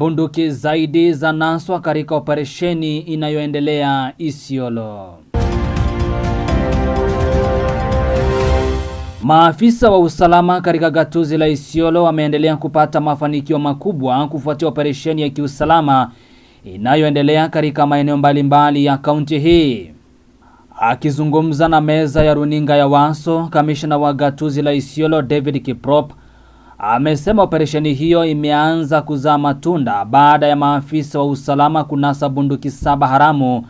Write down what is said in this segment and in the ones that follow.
Bunduki zaidi za naswa katika operesheni inayoendelea Isiolo. Maafisa wa usalama katika gatuzi la Isiolo wameendelea kupata mafanikio makubwa kufuatia operesheni ya kiusalama inayoendelea katika maeneo mbalimbali ya kaunti hii. Akizungumza na meza ya runinga ya Waso, kamishna wa gatuzi la Isiolo David Kiprop amesema operesheni hiyo imeanza kuzaa matunda baada ya maafisa wa usalama kunasa bunduki saba haramu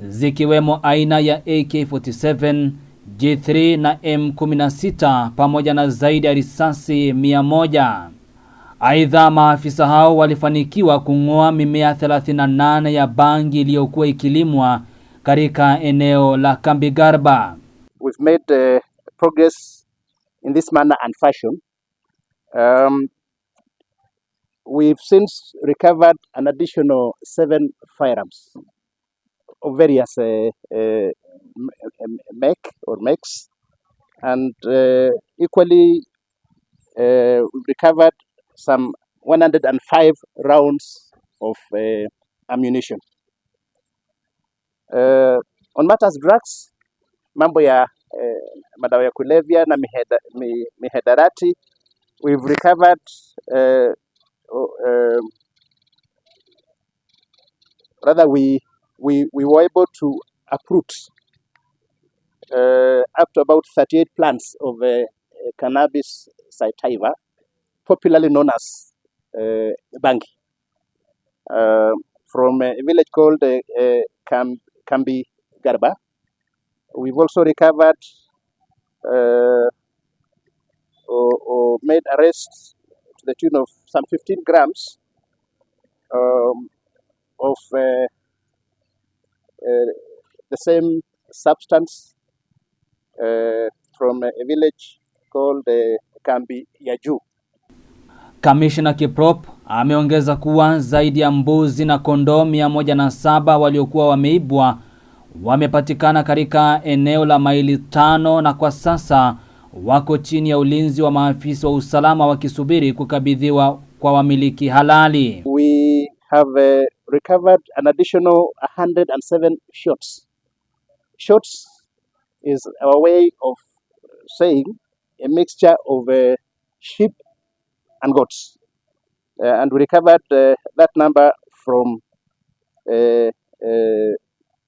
zikiwemo aina ya AK47, J3 na M16 pamoja na zaidi ya risasi 100. Aidha, maafisa hao walifanikiwa kung'oa mimea 38 ya bangi iliyokuwa ikilimwa katika eneo la Kambigarba. We've made, uh, progress in this manner and fashion. Um, we've since recovered an additional seven firearms of various uh, uh, make or makes, and uh, equally uh, we've recovered some 105 rounds of uh, ammunition. Uh, on matters drugs, mambo ya eh, madawa ya kulevya na mihedarati We've recovered uh, uh, rather we, we, we were able to uproot uh, up to about 38 plants of uh, cannabis sativa, popularly known as uh, bangi, um, from a village called uh, Kam- Kambi Garba. We've also recovered uh, or, or made arrests to the tune of some 15 grams um, of uh, uh, the same substance uh, from a village called uh, Kambi Yaju. Juu. Kamishna Kiprop ameongeza kuwa zaidi ya mbuzi na kondoo mia moja na saba waliokuwa wameibwa wamepatikana katika eneo la maili tano na kwa sasa wako chini ya ulinzi wa maafisa wa usalama wakisubiri kukabidhiwa kwa wamiliki halali. We have uh, recovered an additional 107 shots. Shots is our way of saying a mixture of uh, sheep and goats. Uh, and we recovered uh, that number from uh, uh,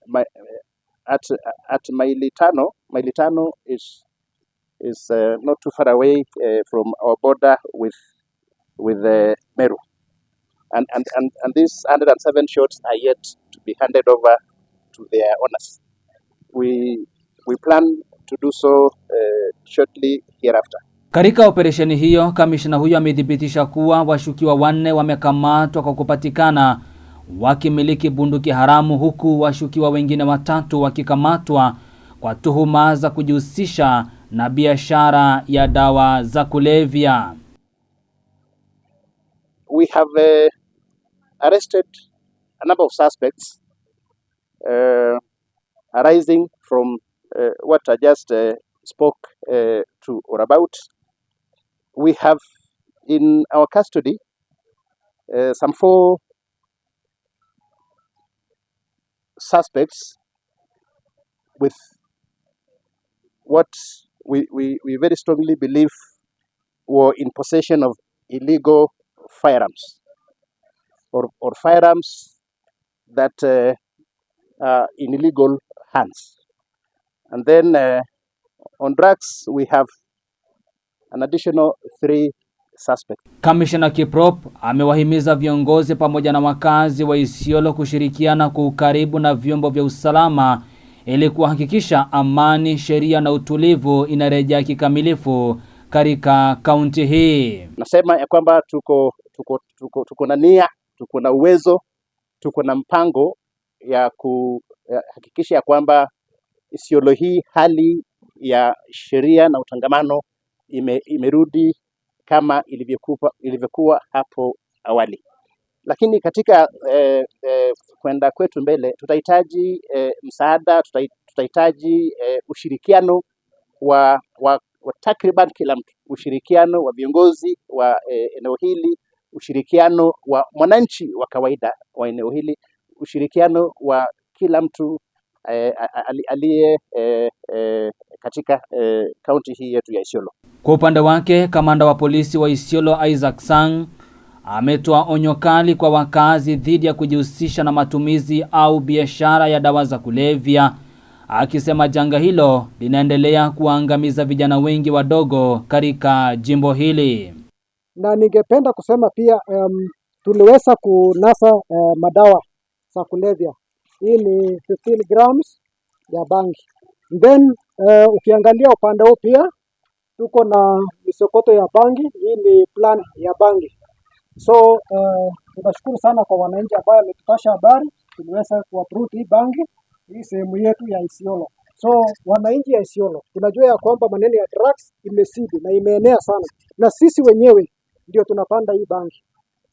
my, uh, at, at Maili Tano. Maili Tano is is uh, not too far away uh, from our border with with uh, Meru. And, and, and, and these 107 shots are yet to be handed over to their owners. We, we plan to do so uh, shortly hereafter. Katika operesheni hiyo, kamishina huyo amethibitisha kuwa washukiwa wanne wamekamatwa kwa kupatikana wakimiliki bunduki haramu huku washukiwa wengine watatu wakikamatwa kwa tuhuma za kujihusisha na biashara ya dawa za kulevya. We have uh, arrested a number of suspects uh, arising from uh, what I just uh, spoke uh, to or about. We have in our custody uh, some four suspects with what we, we, we very strongly believe were in possession of illegal firearms or, or firearms that uh, are in illegal hands. And then uh, on drugs, we have an additional three suspects. Kamishna Kiprop amewahimiza viongozi pamoja na wakazi wa Isiolo kushirikiana kwa ukaribu na vyombo vya usalama ili kuhakikisha amani, sheria na utulivu inarejea kikamilifu katika kaunti hii. Nasema ya kwamba tuko tuko, tuko, tuko na nia, tuko na uwezo, tuko na mpango ya kuhakikisha ya, kwamba Isiolo hii hali ya sheria na utangamano ime, imerudi kama ilivyokuwa hapo awali lakini katika eh, eh, kwenda kwetu mbele tutahitaji eh, msaada, tutahitaji eh, ushirikiano wa, wa, wa takriban kila mtu, ushirikiano wa viongozi wa eh, eneo hili, ushirikiano wa mwananchi wa kawaida wa eneo hili, ushirikiano wa kila mtu eh, aliye eh, eh, katika eh, kaunti hii yetu ya Isiolo. Kwa upande wake, kamanda wa polisi wa Isiolo Isaac Sang ametoa onyo kali kwa wakazi dhidi ya kujihusisha na matumizi au biashara ya dawa za kulevya, akisema janga hilo linaendelea kuwaangamiza vijana wengi wadogo katika jimbo hili. Na ningependa kusema pia um, tuliweza kunasa uh, madawa za kulevya. Hii ni 15 grams ya bangi then uh, ukiangalia upande huu pia tuko na misokoto ya bangi. Hii ni plan ya bangi So uh, tunashukuru sana kwa wananchi ambayo wametupasha habari, tuliweza kuapprove hii bangi hii sehemu yetu ya Isiolo. So wananchi ya Isiolo tunajua ya kwamba maneno ya drugs imesidi na imeenea sana, na sisi wenyewe ndio tunapanda hii bangi.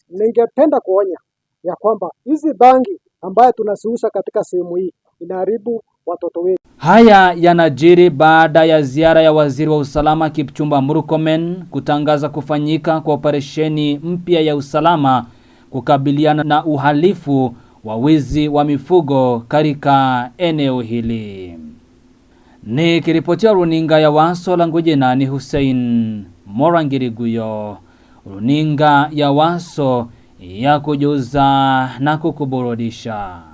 Ningependa kuonya ya kwamba hizi bangi ambayo tunasiusa katika sehemu hii inaharibu watoto wetu. Haya yanajiri baada ya ziara ya waziri wa usalama Kipchumba Murkomen kutangaza kufanyika kwa operesheni mpya ya usalama kukabiliana na uhalifu wa wizi wa mifugo katika eneo hili. Nikiripotia runinga ya Waso langu jina ni Hussein Morangiriguyo, runinga ya Waso ya kujuza na kukuburudisha.